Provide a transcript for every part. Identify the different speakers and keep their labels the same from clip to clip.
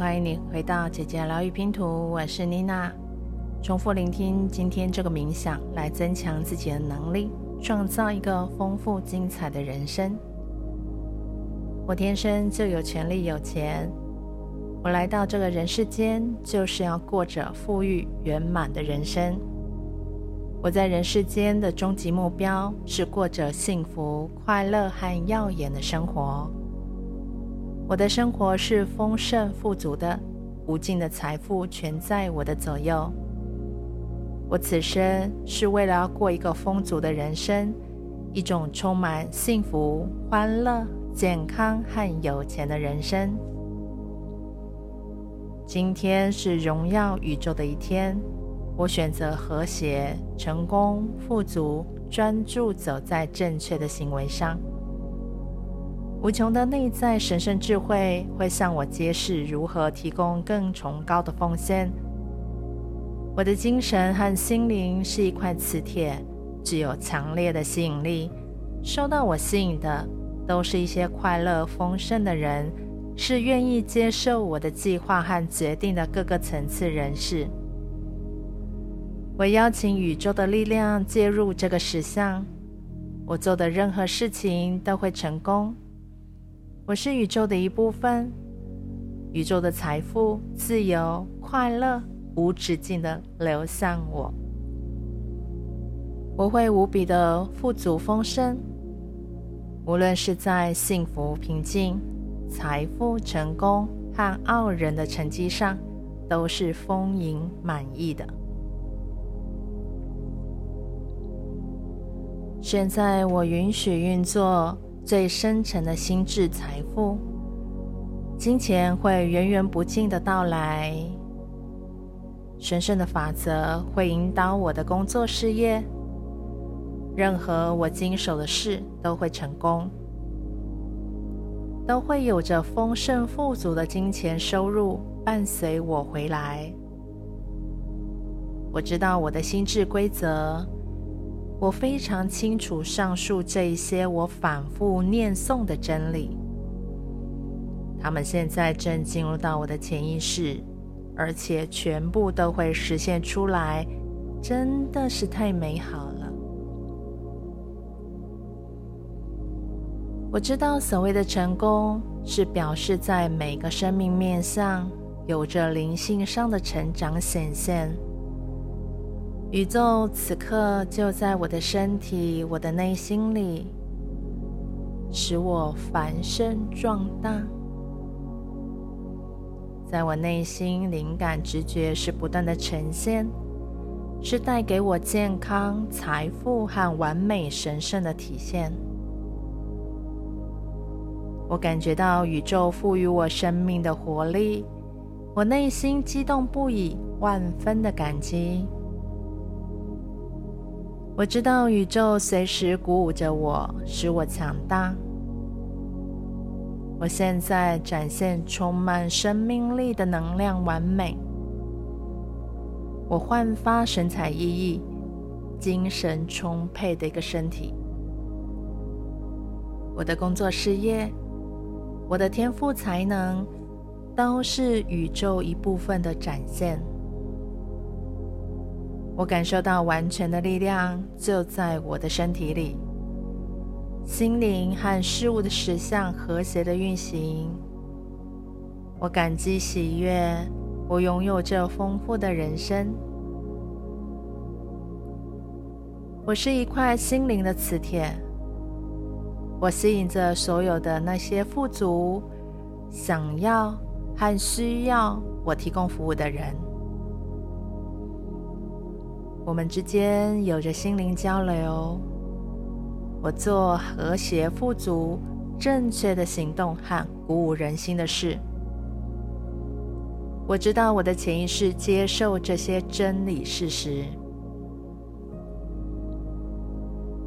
Speaker 1: 歡迎你回到姐姐療癒拼圖，我是妮娜。重複聆聽今天這個冥想，來增強自己的能力，創造一個豐富精彩的人生。我天生就有權利有錢。我來到這個人世間，就是要過着富裕圓滿的人生。我在人世間的終極目標是過着幸福、快樂、和耀眼的生活。我的生活是豐盛富足的，無盡的財富全在我的左右。我此生是為了要過一個豐足的人生，一種充滿幸福、歡樂、健康和有錢的人生。今天是榮耀宇宙的一天，我選擇和諧、成功、富足、專注走在正確的行為上。無窮的內在神聖智慧會向我揭示如何提供更崇高的奉獻。我的精神和心靈是一塊磁鐵，具有強烈的吸引力。受到我吸引的，都是一些快樂豐盛的人，是願意接受我的計劃和決定的各個層次人士。我邀請宇宙的力量介入這個實相。我做的任何事情都會成功。我是宇宙的一部分，宇宙的財富、自由、快樂無止境的流向我，我會無比的富足豐盛。無論是在幸福、平靜、財富、成功和傲人的成績上，都是豐盈滿意的。現在我允許運作。最深沉的心智財富，金錢會源源不盡的到來。神聖的法則會引導我的工作事業，任何我經手的事都會成功，都會有着豐盛富足的金錢收入伴隨我回來。我知道我的心智規則。我非常清楚上述這一些我反復念誦的真理，他們現在正進入到我的潛意識，而且全部都會實現出來，真的是太美好了。我知道所謂的成功，是表示在每個生命面上有着靈性上的成長顯現。宇宙此刻就在我的身體、我的內心裡，使我繁盛壯大。在我內心，靈感、直覺是不斷的呈現，是帶給我健康、財富和完美神聖的體現。我感覺到宇宙賦予我生命的活力，我內心激動不已，萬分的感激。我知道宇宙隨時鼓舞着我，使我強大。我現在展現充滿生命力的能量，完美。我煥發神采奕奕、精神充沛的一個身體。我的工作事業，我的天賦才能，都是宇宙一部分的展現。我感受到完全的力量就在我的身體裡，心靈和事物的實相和諧的運行。我感激喜悅，我擁有着豐富的人生。我是一塊心靈的磁鐵，我吸引着所有的那些富足、想要和需要我提供服務的人。我們之間有着心靈交流。我做和諧、富足、正確的行動和鼓舞人心的事。我知道我的潛意識接受這些真理事實。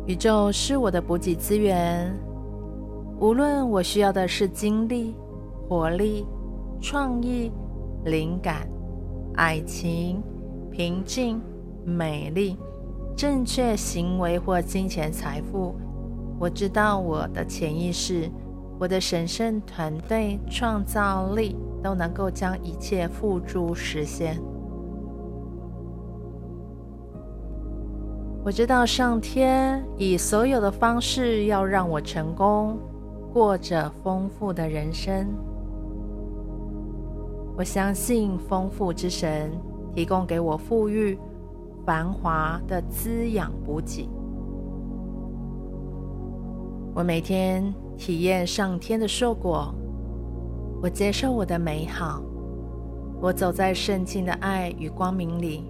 Speaker 1: 宇宙是我的補給資源，無論我需要的是精力、活力、創意、靈感、愛情、平靜。美麗、正確行為或金錢財富，我知道我的潛意識、我的神聖團隊、創造力都能夠將一切付諸實現。我知道上天以所有的方式要讓我成功，過着豐富的人生。我相信豐富之神提供給我富裕。繁華的滋養補給，我每天體驗上天的碩果，我接受我的美好，我走在聖境的愛與光明裡。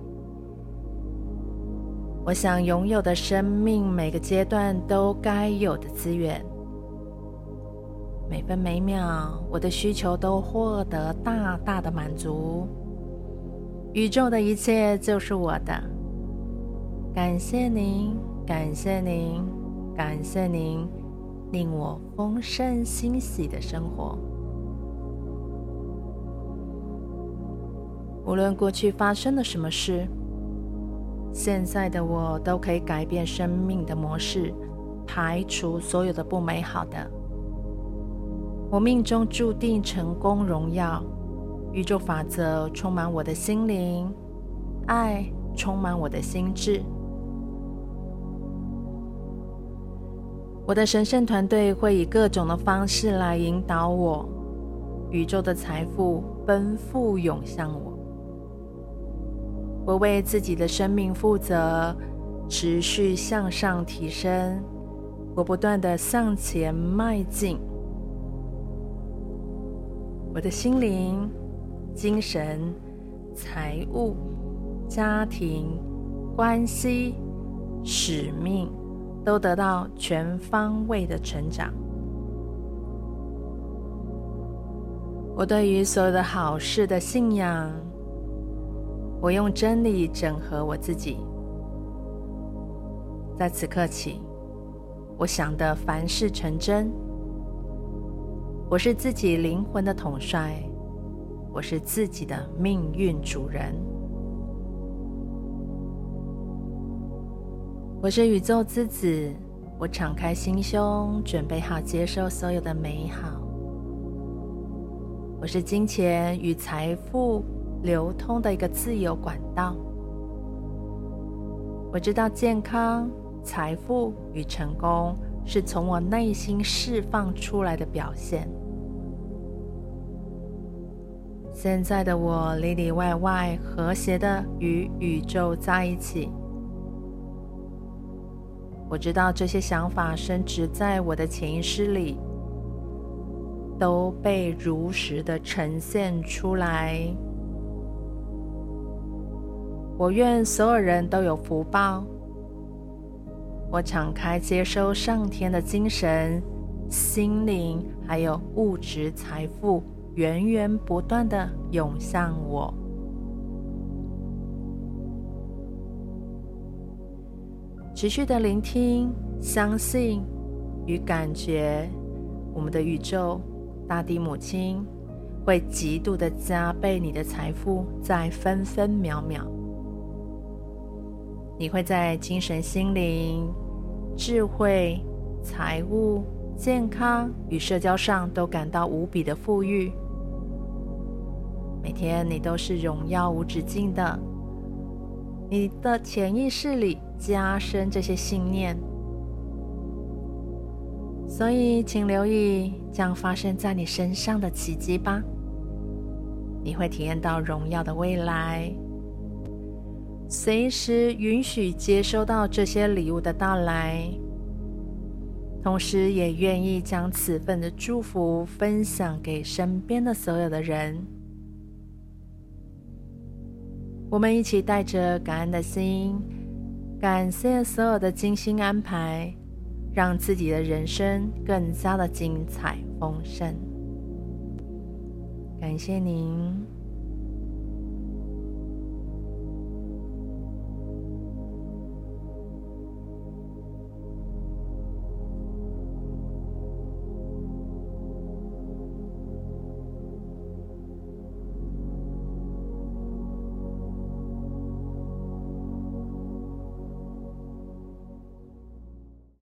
Speaker 1: 我想擁有的生命每個階段都該有的資源，每分每秒我的需求都獲得大大的滿足。宇宙的一切就是我的。感謝您，感謝您，感謝您，令我豐盛欣喜的生活。無論過去發生了什麼事，現在的我都可以改變生命的模式，排除所有的不美好的。我命中注定成功榮耀，宇宙法則充滿我的心靈，愛充滿我的心智。我的神聖團隊會以各種的方式來引導我，宇宙的財富奔赴湧向我。我為自己的生命負責，持續向上提升。我不斷地向前邁進。我的心靈、精神、財務、家庭、關係、使命。都得到全方位的成長。我對於所有的好事的信仰，我用真理整合我自己。在此刻起，我想得凡事成真。我是自己靈魂的統帥，我是自己的命運主人。我是宇宙之子，我敞開心胸，準備好接受所有的美好。我是金錢與財富流通的一個自由管道。我知道健康、財富與成功是從我內心釋放出來的表現。現在的我裡裡外外和諧的與宇宙在一起。我知道這些想法深植在我的潛意識裡，都被如實的呈現出來。我願所有人都有福報。我敞開接受上天的精神、心靈，還有物質財富，源源不斷的湧向我。持續的聆聽、相信與感覺，我們的宇宙、大地母親會極度的加倍你的財富，在分分秒秒，你會在精神、心靈、智慧、財務、健康與社交上都感到無比的富裕。每天你都是榮耀無止境的，你的潛意識裡。加深這些信念，所以請留意將發生在你身上的奇蹟吧。你會體驗到榮耀的未來，隨時允許接收到這些禮物的到來，同時也願意將此份的祝福分享給身邊的所有的人。我們一起帶着感恩的心。感謝所有的精心安排，讓自己的人生更加的精彩豐盛。感謝您。